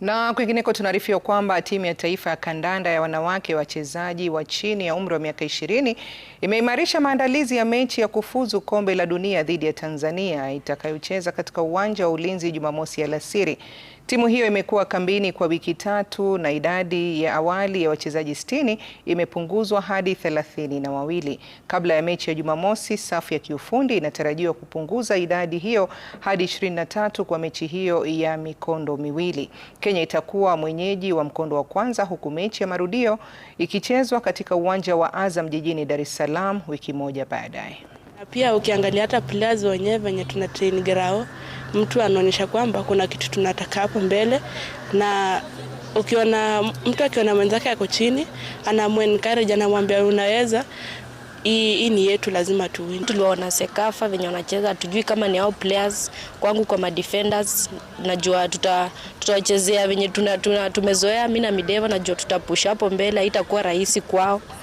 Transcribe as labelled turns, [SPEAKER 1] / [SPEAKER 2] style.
[SPEAKER 1] Na kwingineko tunaarifiwa kwamba timu ya taifa ya kandanda ya wanawake wachezaji wa chini ya umri wa miaka ishirini imeimarisha maandalizi ya mechi ya kufuzu kombe la dunia dhidi ya Tanzania itakayocheza katika uwanja wa Ulinzi Jumamosi alasiri. Timu hiyo imekuwa kambini kwa wiki tatu na idadi ya awali ya wachezaji sitini imepunguzwa hadi thelathini na wawili. Kabla ya mechi ya Jumamosi, safu ya kiufundi inatarajiwa kupunguza idadi hiyo hadi 23 kwa mechi hiyo ya mikondo miwili. Kenya itakuwa mwenyeji wa mkondo wa kwanza huku mechi ya marudio ikichezwa katika uwanja wa Azam jijini Dar es Salaam wiki moja baadaye.
[SPEAKER 2] Pia ukiangalia hata players wenyewe venye tuna train grao, mtu anaonyesha kwamba kuna kitu tunataka hapo mbele, na ukiona mtu akiona mwenzake ako chini, anamwencourage, anamwambia unaweza hii hii ni yetu, lazima win. Tuliwaona Sekafa venye wanacheza, tujui kama ni hao players. Kwangu kwa madefenders, najua tuta tutachezea venye tumezoea. mimi na Mideva najua tutapush hapo mbele, haitakuwa rahisi kwao.